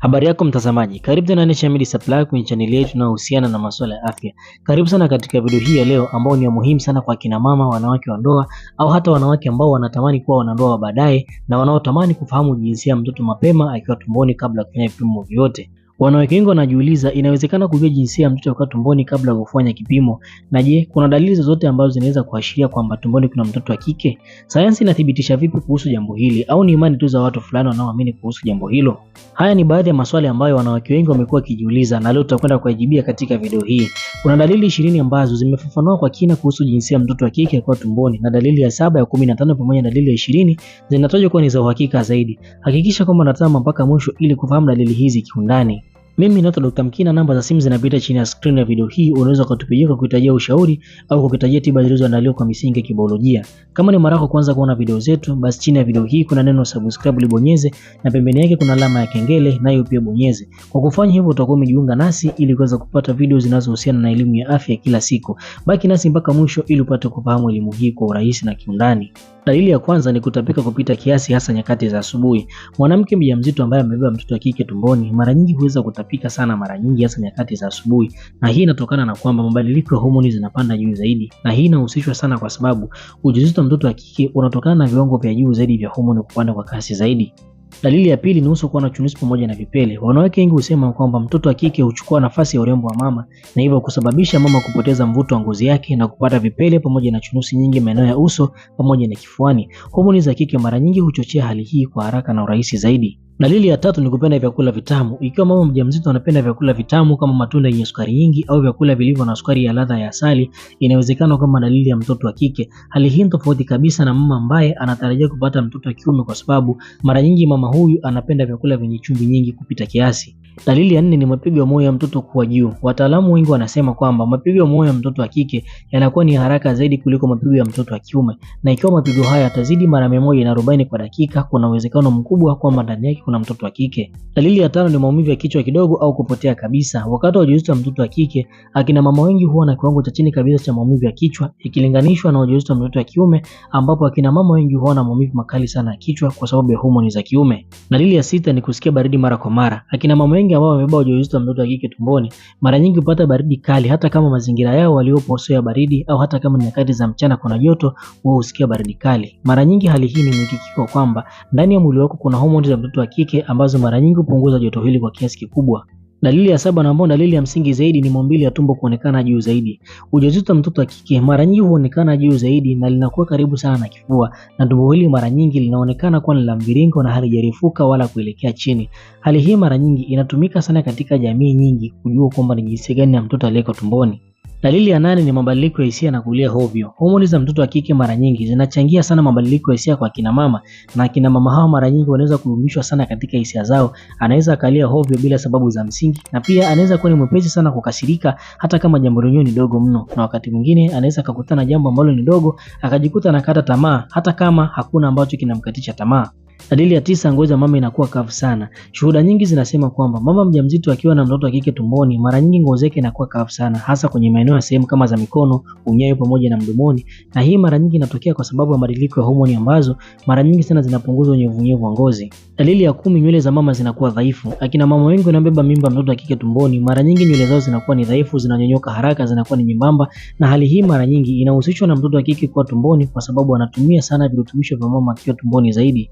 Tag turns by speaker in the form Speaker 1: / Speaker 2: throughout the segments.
Speaker 1: Habari yako mtazamaji, karibu tena ni Chamidi Supply kwenye chaneli yetu inayohusiana na masuala ya afya. Karibu sana katika video hii ya leo ambao ni ya muhimu sana kwa kina mama, wanawake wa ndoa au hata wanawake ambao wanatamani kuwa wanandoa baadaye na wanaotamani kufahamu jinsia ya mtoto mapema akiwa tumboni kabla ya kufanya vipimo vyote. Wanawake wengi wanajiuliza inawezekana kujua jinsia ya mtoto wakati tumboni kabla ya kufanya kipimo, na je, kuna dalili zozote ambazo zinaweza kuashiria kwamba tumboni kuna mtoto wa kike? Sayansi inathibitisha vipi kuhusu jambo hili, au ni imani tu za watu fulani wanaoamini kuhusu jambo hilo? Haya ni baadhi ya maswali ambayo wanawake wengi wamekuwa wakijiuliza, na leo tutakwenda kuyajibia katika video hii. Kuna dalili ishirini ambazo zimefafanua kwa kina kuhusu jinsia ya mtoto wa kike akiwa tumboni, na dalili ya saba ya kumi na tano pamoja na dalili ya ishirini zinatajwa kuwa ni za uhakika zaidi. Hakikisha kwamba unatazama mpaka mwisho ili kufahamu dalili hizi kiundani. Mimi naitwa Dr. Mkina, namba za simu zinapita chini ya screen ya video hii. Unaweza kutupigia kwa kuhitajia ushauri au kuhitajia tiba zilizoandaliwa kwa misingi ya kibiolojia. Kama ni mara yako kwanza kuona video zetu, basi chini ya video hii kuna neno subscribe libonyeze, na pembeni yake kuna alama ya kengele nayo pia bonyeze. Kwa kufanya hivyo, utakuwa umejiunga nasi ili kuweza kupata video zinazohusiana na elimu ya afya kila siku. Baki nasi mpaka mwisho ili upate kufahamu elimu hii kwa urahisi na kiundani. Dalili ya kwanza ni kutapika kupita kiasi, hasa nyakati za asubuhi. Mwanamke mjamzito ambaye amebeba mtoto wa kike tumboni mara nyingi huweza kutapika kupika sana mara nyingi, hasa nyakati za asubuhi, na hii inatokana na kwamba mabadiliko ya homoni zinapanda juu zaidi, na hii inahusishwa sana kwa sababu ujauzito mtoto wa kike unatokana na viwango vya juu zaidi vya homoni kupanda kwa kasi zaidi. Dalili ya pili ni uso kuwa na chunusi pamoja na vipele. Wanawake wengi husema kwamba mtoto wa kike huchukua nafasi ya urembo wa mama na hivyo kusababisha mama kupoteza mvuto wa ngozi yake na kupata vipele pamoja na chunusi nyingi maeneo ya uso pamoja na kifuani. Homoni za kike mara nyingi huchochea hali hii kwa haraka na urahisi zaidi. Dalili ya tatu ni kupenda vyakula vitamu. Ikiwa mama mjamzito anapenda vyakula vitamu kama matunda yenye sukari nyingi au vyakula vilivyo na sukari ya ladha ya asali, inawezekana kama dalili ya mtoto wa kike. Hali hii tofauti kabisa na mama ambaye anatarajia kupata mtoto wa kiume, kwa sababu mara nyingi mama huyu anapenda vyakula vyenye chumvi nyingi kupita kiasi. Dalili ya nne ni mapigo ya moyo ya mtoto kuwa juu. Wataalamu wengi wanasema kwamba mapigo ya moyo ya mtoto wa kike yanakuwa ni haraka zaidi kuliko mapigo ya mtoto wa kiume, na ikiwa mapigo haya yatazidi mara 140 kwa dakika, kuna uwezekano mkubwa kwamba ndani yake kuna mtoto wa kike. Dalili ya tano ni maumivu ya kichwa kidogo au kupotea kabisa. Wakati wa ujauzito wa mtoto wa kike, akina mama wengi huwa na kiwango cha chini kabisa cha maumivu ya kichwa ikilinganishwa na ujauzito wa mtoto wa kiume, ambapo akina mama wengi huwa na maumivu makali sana ya kichwa kwa sababu ya homoni za kiume. Dalili ya sita ni kusikia baridi mara kwa mara. Akina mama wengi ambao wamebeba ujauzito wa mtoto wa kike tumboni, mara nyingi hupata baridi kali, hata kama mazingira yao waliopo sio ya baridi, au hata kama ni nyakati za mchana kuna joto, wao husikia baridi kali. Mara nyingi hali hii ni mwitikiko kwamba ndani ya mwili wako kuna homoni za mtoto wa kike kike ambazo mara nyingi hupunguza joto hili kwa kiasi kikubwa. Dalili ya saba na ambayo dalili ya msingi zaidi ni maumbile ya tumbo kuonekana juu zaidi. Ujauzito mtoto wa kike mara nyingi huonekana juu zaidi na linakuwa karibu sana na kifua, na tumbo hili mara nyingi linaonekana kuwa ni la mviringo na halijarefuka wala kuelekea chini. Hali hii mara nyingi inatumika sana katika jamii nyingi kujua kwamba ni jinsi gani ya mtoto aliyeko tumboni. Dalili ya nane ni mabadiliko ya hisia na kulia hovyo. Homoni za mtoto wa kike mara nyingi zinachangia sana mabadiliko ya hisia kwa kina mama, na kina mama hao mara nyingi wanaweza kudumishwa sana katika hisia zao. Anaweza akalia hovyo bila sababu za msingi, na pia anaweza kuwa ni mwepesi sana kukasirika, hata kama jambo lenyewe ni dogo mno, na wakati mwingine anaweza akakutana jambo ambalo ni dogo akajikuta anakata tamaa, hata kama hakuna ambacho kinamkatisha tamaa. Dalili ya tisa, ngozi ya mama inakuwa kavu sana. Shuhuda nyingi zinasema kwamba mama mjamzito akiwa na mtoto wa kike tumboni, mara nyingi ngozi yake inakuwa kavu sana, hasa kwenye maeneo ya sehemu kama za mikono, unyayo pamoja na mdomoni, na hii mara nyingi inatokea kwa sababu ya mabadiliko ya homoni ambazo mara nyingi sana zinapunguza unyevunyevu wa ngozi. Dalili ya kumi, nywele za mama zinakuwa dhaifu. Akina mama wengi wanaobeba mimba mtoto wa kike tumboni, mara nyingi nywele zao zinakuwa ni dhaifu, zinanyonyoka haraka, zinakuwa ni nyembamba, na hali hii mara nyingi inahusishwa na mtoto wa kike kuwa tumboni, kwa sababu anatumia sana virutubisho vya mama akiwa tumboni zaidi.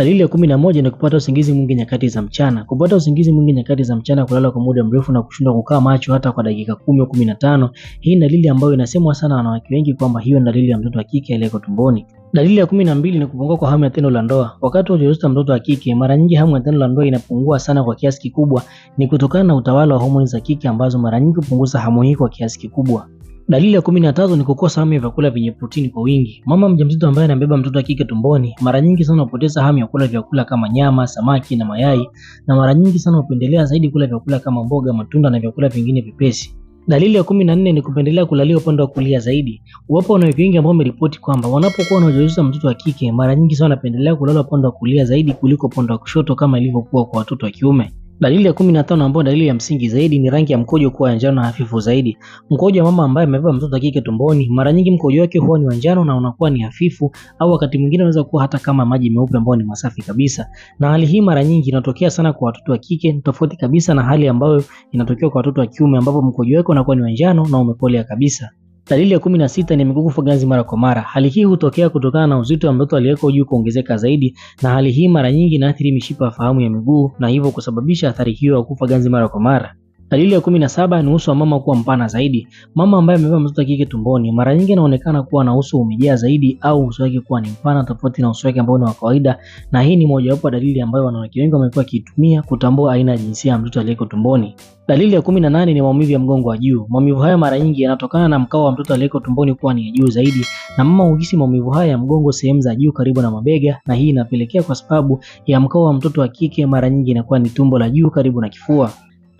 Speaker 1: Dalili ya kumi na moja ni kupata usingizi mwingi nyakati za mchana. Kupata usingizi mwingi nyakati za mchana, kulala kwa muda mrefu na kushindwa kukaa macho hata kwa dakika kumi au kumi na tano. Hii ni dalili ambayo inasemwa sana wanawake wengi kwamba hiyo ni dalili ya mtoto wa kike aliyeko tumboni. Dalili ya kumi na mbili ni kupungua kwa hamu ya tendo la ndoa. Wakati wa ujauzito mtoto wa kike, mara nyingi hamu ya tendo la ndoa inapungua sana kwa kiasi kikubwa. Ni kutokana na utawala wa homoni za kike ambazo mara nyingi hupunguza hamu hii kwa kiasi kikubwa. Dalili ya kumi na tatu ni kukosa hamu ya vyakula vyenye protini kwa wingi. Mama mjamzito ambaye anabeba mtoto wa kike tumboni mara nyingi sana hupoteza hamu ya kula vyakula kama nyama, samaki na mayai, na mara nyingi sana hupendelea zaidi kula vyakula kama mboga, matunda na vyakula vingine vipesi. Dalili ya kumi na nne ni kupendelea kulalia upande wa kulia zaidi. Wapo wanawake wengi ambao wameripoti kwamba wanapokuwa na mtoto wa kike, mara nyingi sana wanapendelea kulala upande wa kulia zaidi kuliko upande wa kushoto kama ilivyokuwa kwa watoto wa kiume. Dalili ya kumi na tano ambayo dalili ya msingi zaidi ni rangi ya mkojo kuwa ya njano na hafifu zaidi. Mkojo wa mama ambaye amebeba mtoto wa kike tumboni, mara nyingi mkojo wake huwa ni wa njano na unakuwa ni hafifu, au wakati mwingine unaweza kuwa hata kama maji meupe ambayo ni masafi kabisa. Na hali hii mara nyingi inatokea sana kwa watoto wa kike, tofauti kabisa na hali ambayo inatokea kwa watoto wa kiume, ambapo mkojo wake unakuwa ni wa njano na umekolea kabisa. Dalili ya kumi na sita ni miguu kufa ganzi mara kwa mara. Hali hii hutokea kutokana na uzito wa mtoto aliyeko juu kuongezeka zaidi, na hali hii mara nyingi inaathiri mishipa ya fahamu ya miguu na hivyo kusababisha athari hiyo ya kufa ganzi mara kwa mara. Dalili ya kumi na saba ni uso wa mama kuwa mpana zaidi. Mama ambaye amebeba mtoto kike tumboni mara nyingi anaonekana kuwa na uso umejaa zaidi au uso wake kuwa ni mpana tofauti na uso wake ambao ni wa kawaida, na hii ni mojawapo ya dalili ambayo wanawake wengi wamekuwa wakiitumia kutambua aina ya jinsia ya mtoto aliyeko tumboni. Dalili ya kumi na nane ni maumivu ya mgongo wa juu. Maumivu haya mara nyingi yanatokana na mkao wa mtoto aliyeko tumboni kuwa ni juu zaidi, na mama huhisi maumivu haya ya mgongo sehemu za juu karibu na mabega, na hii inapelekea kwa sababu ya mkao wa mtoto wa kike mara nyingi inakuwa ni tumbo la juu karibu na kifua.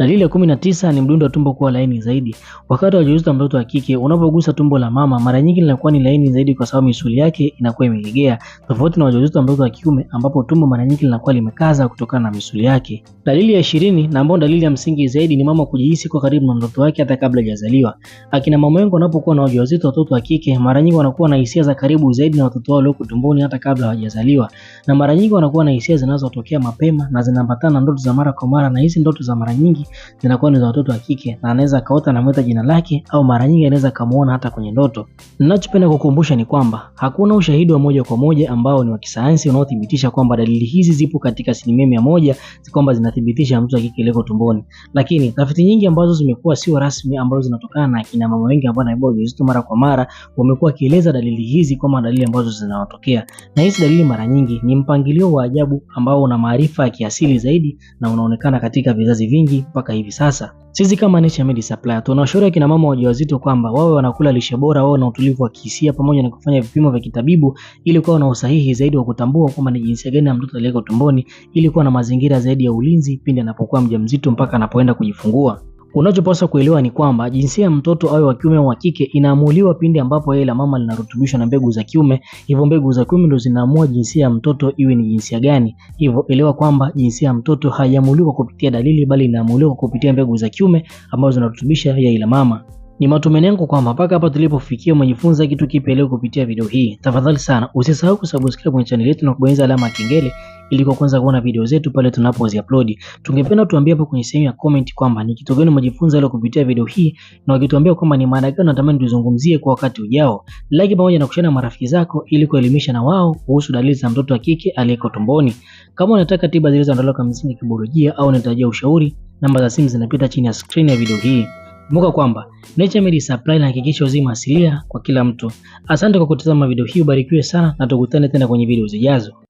Speaker 1: Dalili ya kumi na tisa ni mdundo wa tumbo kuwa laini zaidi. Wakati wa ujauzito wa mtoto wa kike, unapogusa tumbo la mama, mara nyingi linakuwa ni laini zaidi kwa sababu misuli yake inakuwa imelegea, tofauti na ujauzito wa mtoto wa kiume ambapo tumbo mara nyingi linakuwa limekaza kutokana na misuli yake. Dalili ya ishirini na ambayo dalili ya msingi zaidi ni mama kujihisi kwa karibu na mtoto wake hata kabla hajazaliwa. Akina mama wengi wanapokuwa na ujauzito wa mtoto wa kike, mara nyingi wanakuwa na hisia za karibu zaidi na watoto wao walioko tumboni hata kabla hawajazaliwa, na mara nyingi wanakuwa na hisia zinazotokea mapema na zinaambatana na ndoto za mara kwa mara, na hizi ndoto za mara nyingi zinakuwa ni za watoto wa kike na anaweza akaota anamwita jina lake au mara nyingi anaweza kamuona hata kwenye ndoto. Ninachopenda kukumbusha ni kwamba hakuna ushahidi wa moja kwa moja ambao ni wa kisayansi unaothibitisha kwamba dalili hizi zipo katika asilimia mia moja kwamba zinathibitisha mtoto wa kike aliyeko tumboni, lakini tafiti nyingi ambazo zimekuwa sio rasmi ambazo zinatokana na kina mama wengi ambao wanabeba ujauzito mara kwa mara wamekuwa wakieleza dalili hizi kama dalili ambazo zinawatokea, na hizi dalili mara nyingi ni mpangilio wa ajabu ambao una maarifa ya kiasili zaidi na unaonekana katika vizazi vingi mpaka hivi sasa. Sisi kama Naturemed Supplies tunawashauri akina mama wajawazito kwamba wawe wanakula lishe bora, wawe na utulivu wa kihisia pamoja na kufanya vipimo vya kitabibu ili kuwa na usahihi zaidi wa kutambua kwamba ni jinsia gani ya mtoto aliyeko tumboni ili kuwa na mazingira zaidi ya ulinzi pindi anapokuwa mjamzito mpaka anapoenda kujifungua. Unachopaswa kuelewa ni kwamba jinsia ya mtoto awe wa kiume au wa kike inaamuliwa pindi ambapo yai la mama linarutubishwa na mbegu za kiume, hivyo mbegu za kiume ndo zinaamua jinsia ya mtoto iwe ni jinsia gani. Hivyo elewa kwamba jinsia ya mtoto haiamuliwa kupitia dalili, bali inaamuliwa kupitia mbegu za kiume ambazo zinarutubisha yai la mama. Ni matumaini yangu kwamba mpaka hapa tulipofikia umejifunza kitu kipya leo kupitia video hii. Tafadhali sana usisahau kusubscribe kwenye channel yetu na kubonyeza alama ya kengele ili kwa kwanza kuona video zetu pale tunapozi upload. Tungependa tuambie hapo kwenye sehemu ya comment kwamba ni kitu gani umejifunza leo kupitia video hii, na ukituambia kwamba ni mada gani unatamani tuzungumzie kwa wakati ujao. Like pamoja na kushare na marafiki zako ili kuelimisha na wao kuhusu dalili za mtoto wa kike aliyeko tumboni. Kama unataka tiba zilizoandaliwa kwa misingi ya kibiolojia au unahitaji ushauri, namba za simu zinapita chini ya screen ya video hii. Kumbuka kwamba Naturemed Supply inahakikisha uzima asilia kwa kila mtu. Asante kwa kutazama video hii, ubarikiwe sana na tukutane tena kwenye video zijazo.